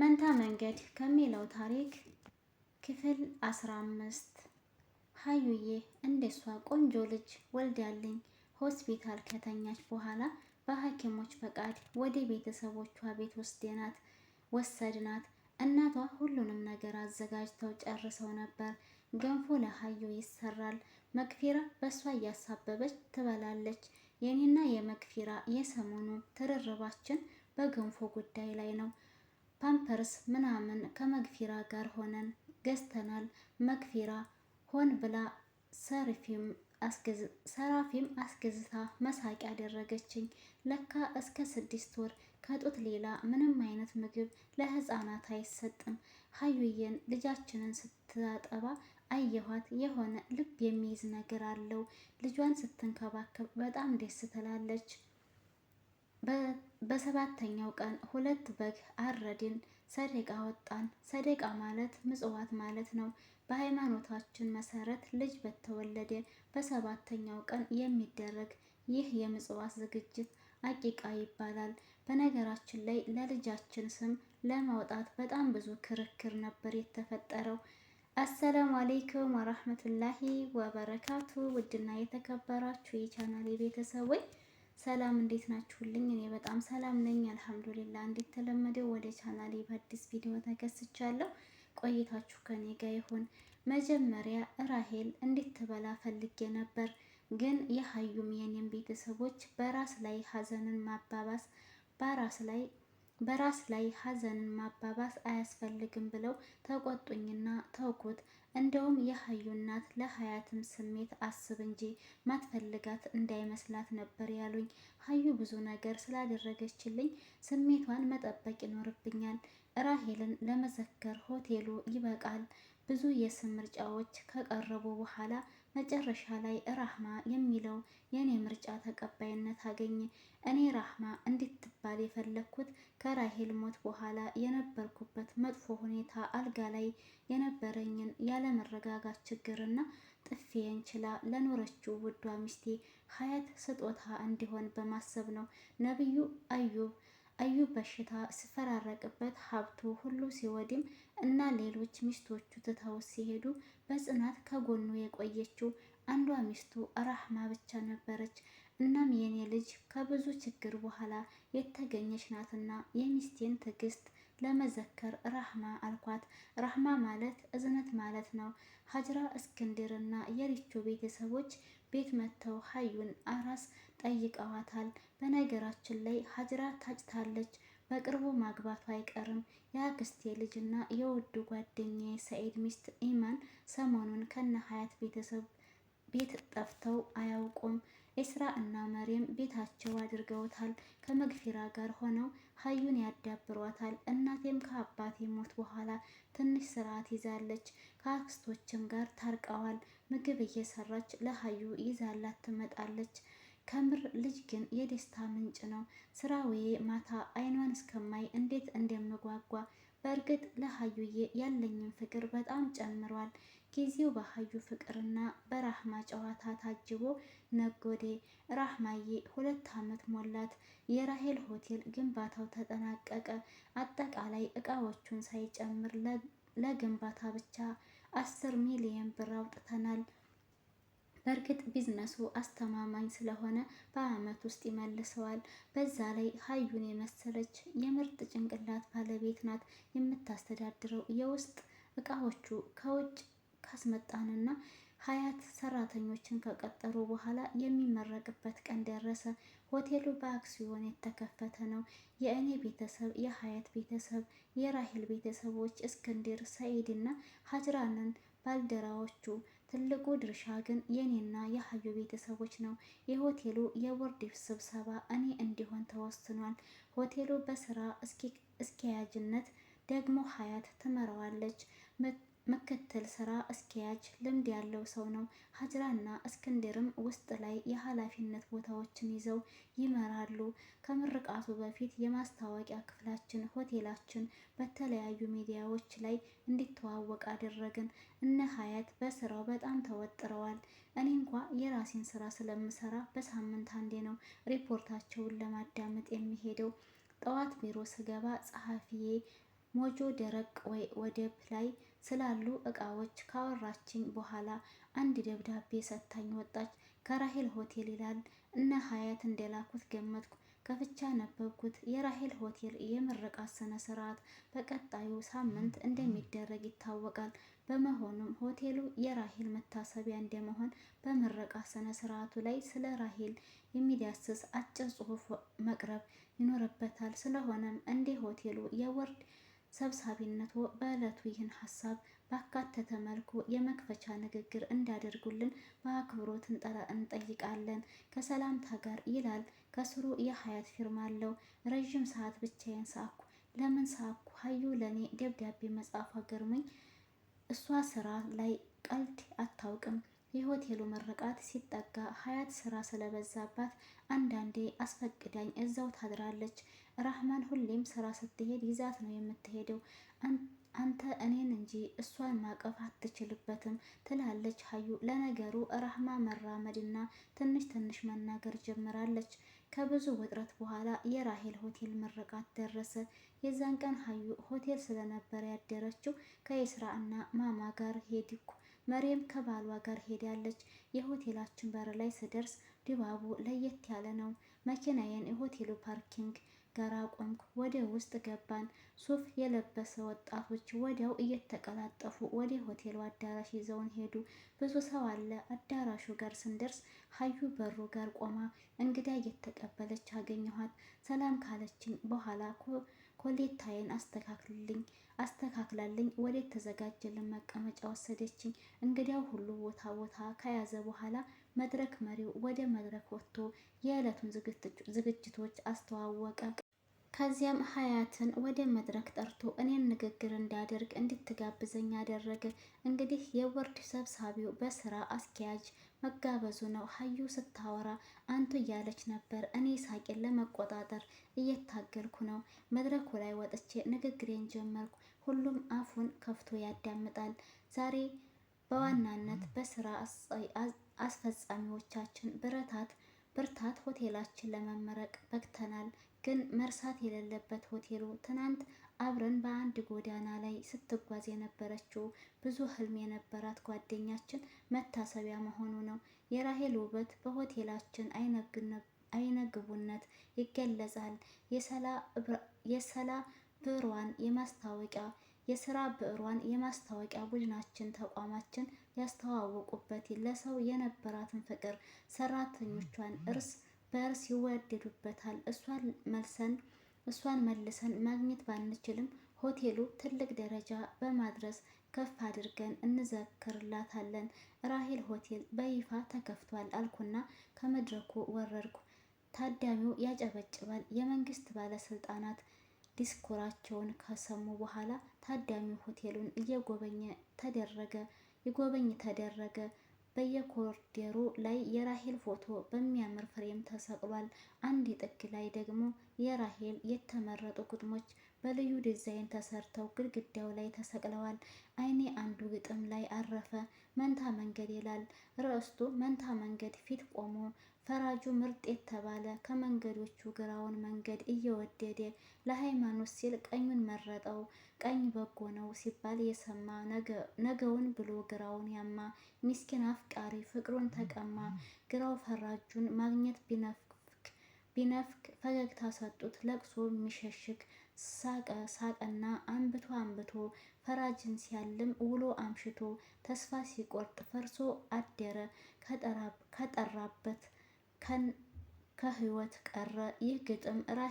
መንታ መንገድ ከሚለው ታሪክ ክፍል አስራ አምስት ሀዩዬ እንደሷ ቆንጆ ልጅ ወልዳልኝ ሆስፒታል ከተኛች በኋላ በሐኪሞች ፈቃድ ወደ ቤተሰቦቿ ቤት ወስደናት ወሰድናት። እናቷ ሁሉንም ነገር አዘጋጅተው ጨርሰው ነበር። ገንፎ ለሀዩ ይሰራል። መክፊራ በእሷ እያሳበበች ትበላለች። የኔና የመክፊራ የሰሞኑ ትርርባችን በገንፎ ጉዳይ ላይ ነው። ፓምፐርስ ምናምን ከመግፊራ ጋር ሆነን ገዝተናል። መግፊራ ሆን ብላ ሰራፊም አስገዝታ መሳቂ ያደረገችኝ። ለካ እስከ ስድስት ወር ከጡት ሌላ ምንም አይነት ምግብ ለህፃናት አይሰጥም። ሀዩዬን ልጃችንን ስታጠባ አየኋት። የሆነ ልብ የሚይዝ ነገር አለው። ልጇን ስትንከባከብ በጣም ደስ ትላለች። በሰባተኛው ቀን ሁለት በግ አረድን፣ ሰደቃ ወጣን። ሰደቃ ማለት ምጽዋት ማለት ነው። በሃይማኖታችን መሰረት ልጅ በተወለደ በሰባተኛው ቀን የሚደረግ ይህ የምጽዋት ዝግጅት አቂቃ ይባላል። በነገራችን ላይ ለልጃችን ስም ለማውጣት በጣም ብዙ ክርክር ነበር የተፈጠረው። አሰላሙ አሌይኩም ወራህመቱላሂ ወበረካቱ። ውድና የተከበራችሁ የቻናሌ ቤተሰቦች ሰላም እንዴት ናችሁልኝ? እኔ በጣም ሰላም ነኝ አልሐምዱሊላ። እንዴት ተለመደው ወደ ቻናሌ በአዲስ ቪዲዮ ተከስቻለሁ። ቆይታችሁ ከኔ ጋር ይሁን። መጀመሪያ ራሄል እንድትበላ ፈልጌ ነበር፣ ግን የሀዩም የኔም ቤተሰቦች በራስ ላይ ሀዘንን ማባባስ በራስ ላይ በራስ ላይ ሀዘንን ማባባስ አያስፈልግም ብለው ተቆጡኝና ተውኩት። እንደውም የሀዩ እናት ለሀያትም ስሜት አስብ እንጂ ማትፈልጋት እንዳይመስላት ነበር ያሉኝ። ሀዩ ብዙ ነገር ስላደረገችልኝ ስሜቷን መጠበቅ ይኖርብኛል። ራሄልን ለመዘከር ሆቴሉ ይበቃል። ብዙ የስም ምርጫዎች ከቀረቡ በኋላ መጨረሻ ላይ ራህማ የሚለው የእኔ ምርጫ ተቀባይነት አገኘ። እኔ ራህማ እንድትባል የፈለግኩት ከራሄል ሞት በኋላ የነበርኩበት መጥፎ ሁኔታ አልጋ ላይ የነበረኝን ያለመረጋጋት ችግርና ጥፌን ችላ ለኖረችው ውዷ ሚስቴ ሀያት ስጦታ እንዲሆን በማሰብ ነው። ነቢዩ አዩብ አዩብ በሽታ ሲፈራረቅበት ሀብቱ ሁሉ ሲወድም እና ሌሎች ሚስቶቹ ትተው ሲሄዱ በጽናት ከጎኑ የቆየችው አንዷ ሚስቱ ራህማ ብቻ ነበረች። እናም የኔ ልጅ ከብዙ ችግር በኋላ የተገኘች ናትና የሚስቴን ትዕግስት ለመዘከር ራህማ አልኳት። ራህማ ማለት እዝነት ማለት ነው። ሀጅራ እስክንድር እና የሪቾ ቤተሰቦች ቤት መጥተው ሀዩን አራስ ጠይቀዋታል። በነገራችን ላይ ሀጅራ ታጭታለች። በቅርቡ ማግባቱ አይቀርም። የአክስቴ እና የውዱ ጓደኛዬ ሰኢድ ሚስት ኢማን ሰሞኑን ከነ ሀያት ቤተሰብ ቤት ጠፍተው አያውቁም። ኤስራ እና መሬም ቤታቸው አድርገውታል። ከመግፊራ ጋር ሆነው ሀዩን ያዳብሯታል። እናቴም ከአባቴ ሞት በኋላ ትንሽ ስርዓት ይዛለች። ከአክስቶችም ጋር ታርቀዋል። ምግብ እየሰራች ለሀዩ ይዛላት ትመጣለች። ከምር ልጅ ግን የደስታ ምንጭ ነው። ስራዬ ማታ አይኗን እስከማይ እንዴት እንደምጓጓ በእርግጥ ለሀዩዬ ያለኝን ፍቅር በጣም ጨምሯል። ጊዜው በሀዩ ፍቅርና በራህማ ጨዋታ ታጅቦ ነጎዴ። ራህማዬ ሁለት ዓመት ሞላት። የራሄል ሆቴል ግንባታው ተጠናቀቀ። አጠቃላይ እቃዎቹን ሳይጨምር ለግንባታ ብቻ አስር ሚሊየን ብር አውጥተናል። በእርግጥ ቢዝነሱ አስተማማኝ ስለሆነ በአመት ውስጥ ይመልሰዋል። በዛ ላይ ሀዩን የመሰለች የምርጥ ጭንቅላት ባለቤት ናት የምታስተዳድረው። የውስጥ እቃዎቹ ከውጭ ካስመጣንና ሀያት ሰራተኞችን ከቀጠሩ በኋላ የሚመረቅበት ቀን ደረሰ። ሆቴሉ በአክሲዮን የተከፈተ ነው። የእኔ ቤተሰብ፣ የሀያት ቤተሰብ፣ የራሄል ቤተሰቦች እስክንድር፣ ሰኢድና ሀጅራንን ባልደራዎቹ። ትልቁ ድርሻ ግን የኔና የሀዩ ቤተሰቦች ነው። የሆቴሉ የቦርድ ስብሰባ እኔ እንዲሆን ተወስኗል። ሆቴሉ በስራ እስኪያያጅነት ደግሞ ሀያት ትመራዋለች። መከተል ስራ አስኪያጅ ልምድ ያለው ሰው ነው። ሀጅራና እስክንድርም ውስጥ ላይ የኃላፊነት ቦታዎችን ይዘው ይመራሉ። ከምርቃቱ በፊት የማስታወቂያ ክፍላችን ሆቴላችን በተለያዩ ሚዲያዎች ላይ እንዲተዋወቅ አደረግን። እነ ሀያት በስራው በጣም ተወጥረዋል። እኔ እንኳ የራሴን ስራ ስለምሰራ በሳምንት አንዴ ነው ሪፖርታቸውን ለማዳመጥ የሚሄደው። ጠዋት ቢሮ ስገባ ጸሐፊዬ ሞጆ ደረቅ ወደብ ላይ ስላሉ እቃዎች ካወራችኝ በኋላ አንድ ደብዳቤ ሰጥታኝ ወጣች። ከራሄል ሆቴል ይላል እነ ሀያት እንደላኩት ገመትኩ። ከፍቻ ነበብኩት። የራሄል ሆቴል የምረቃት ስነ ስርዓት በቀጣዩ ሳምንት እንደሚደረግ ይታወቃል። በመሆኑም ሆቴሉ የራሄል መታሰቢያ እንደመሆን በምረቃት ስነ ስርዓቱ ላይ ስለ ራሄል የሚዳስስ አጭር ጽሑፍ መቅረብ ይኖርበታል። ስለሆነም እንደ ሆቴሉ የወርድ ሰብሳቢነቶ በዕለቱ ይህን ሀሳብ ባካተተ መልኩ የመክፈቻ ንግግር እንዲያደርጉልን በአክብሮት እንጠይቃለን። ከሰላምታ ጋር ይላል። ከስሩ የሀያት ፊርማ አለው። ረዥም ሰዓት ብቻዬን ሳኩ። ለምን ሳኩ? ሀዩ ለእኔ ደብዳቤ መጻፏ ገርሞኝ፣ እሷ ስራ ላይ ቀልድ አታውቅም። የሆቴሉ ምርቃት ሲጠጋ ሀያት ስራ ስለበዛባት አንዳንዴ አስፈቅዳኝ እዛው ታድራለች። ራህማን ሁሌም ስራ ስትሄድ ይዛት ነው የምትሄደው። አንተ እኔን እንጂ እሷን ማቀፍ አትችልበትም ትላለች ሀዩ። ለነገሩ ራህማ መራመድና ትንሽ ትንሽ መናገር ጀምራለች። ከብዙ ውጥረት በኋላ የራሄል ሆቴል ምርቃት ደረሰ። የዛን ቀን ሀዩ ሆቴል ስለነበረ ያደረችው ከየስራ እና ማማ ጋር ሄድኩ። መሬም ከባሏ ጋር ሄዳለች። የሆቴላችን በር ላይ ስደርስ ድባቡ ለየት ያለ ነው። መኪናዬን የሆቴሉ ፓርኪንግ ጋራ አቆምኩ። ወደ ውስጥ ገባን። ሱፍ የለበሰ ወጣቶች ወዲያው እየተቀላጠፉ ወደ ሆቴሉ አዳራሽ ይዘውን ሄዱ። ብዙ ሰው አለ። አዳራሹ ጋር ስንደርስ ሀዩ በሩ ጋር ቆማ እንግዳ እየተቀበለች አገኘኋት። ሰላም ካለችኝ በኋላ ኮሌታዬን አስተካክልልኝ አስተካክላልኝ ወደ ተዘጋጀልን መቀመጫ ወሰደችኝ። እንግዲያው ሁሉ ቦታ ቦታ ከያዘ በኋላ መድረክ መሪው ወደ መድረክ ወጥቶ የዕለቱን ዝግጅቶች አስተዋወቀ። ከዚያም ሀያትን ወደ መድረክ ጠርቶ እኔን ንግግር እንዳደርግ እንድትጋብዘኝ አደረገ። እንግዲህ የቦርድ ሰብሳቢው በስራ አስኪያጅ መጋበዙ ነው። ሀዩ ስታወራ አንቱ እያለች ነበር። እኔ ሳቄን ለመቆጣጠር እየታገልኩ ነው። መድረኩ ላይ ወጥቼ ንግግሬን ጀመርኩ። ሁሉም አፉን ከፍቶ ያዳምጣል። ዛሬ በዋናነት በስራ አስፈጻሚዎቻችን ብረታት ብርታት ሆቴላችን ለመመረቅ በቅተናል። ግን መርሳት የሌለበት ሆቴሉ ትናንት አብረን በአንድ ጎዳና ላይ ስትጓዝ የነበረችው ብዙ ህልም የነበራት ጓደኛችን መታሰቢያ መሆኑ ነው። የራሄል ውበት በሆቴላችን አይነግቡነት ይገለጻል። የሰላ ብዕሯን የማስታወቂያ የስራ ብዕሯን የማስታወቂያ ቡድናችን ተቋማችን ያስተዋወቁበት ለሰው የነበራትን ፍቅር ሰራተኞቿን እርስ በእርስ ይወደዱበታል። እሷን መልሰን እሷን መልሰን ማግኘት ባንችልም ሆቴሉ ትልቅ ደረጃ በማድረስ ከፍ አድርገን እንዘክርላታለን። ራሄል ሆቴል በይፋ ተከፍቷል አልኩና ከመድረኩ ወረድኩ። ታዳሚው ያጨበጭባል። የመንግስት ባለስልጣናት ዲስኩራቸውን ከሰሙ በኋላ ታዳሚው ሆቴሉን እየጎበኘ ተደረገ ይጎበኝ ተደረገ። በየኮርዴሩ ላይ የራሄል ፎቶ በሚያምር ፍሬም ተሰቅሏል። አንድ ጥግ ላይ ደግሞ የራሄል የተመረጡ ግጥሞች በልዩ ዲዛይን ተሰርተው ግድግዳው ላይ ተሰቅለዋል። አይኔ አንዱ ግጥም ላይ አረፈ። መንታ መንገድ ይላል ርዕስቱ። መንታ መንገድ ፊት ቆሞ ፈራጁ ምርጥ የተባለ ከመንገዶቹ ግራውን መንገድ እየወደደ ለሃይማኖት ሲል ቀኙን መረጠው። ቀኝ በጎ ነው ሲባል የሰማ ነገውን ብሎ ግራውን ያማ ሚስኪን አፍቃሪ ፍቅሩን ተቀማ። ግራው ፈራጁን ማግኘት ቢነፍክ ፈገግታ ሰጡት ለቅሶ የሚሸሽግ ሳቀ ሳቀና አንብቶ አንብቶ ፈራጅን ሲያልም ውሎ አምሽቶ ተስፋ ሲቆርጥ ፈርሶ አደረ። ከጠራበት ከህይወት ቀረ። ይህ ግጥም ራ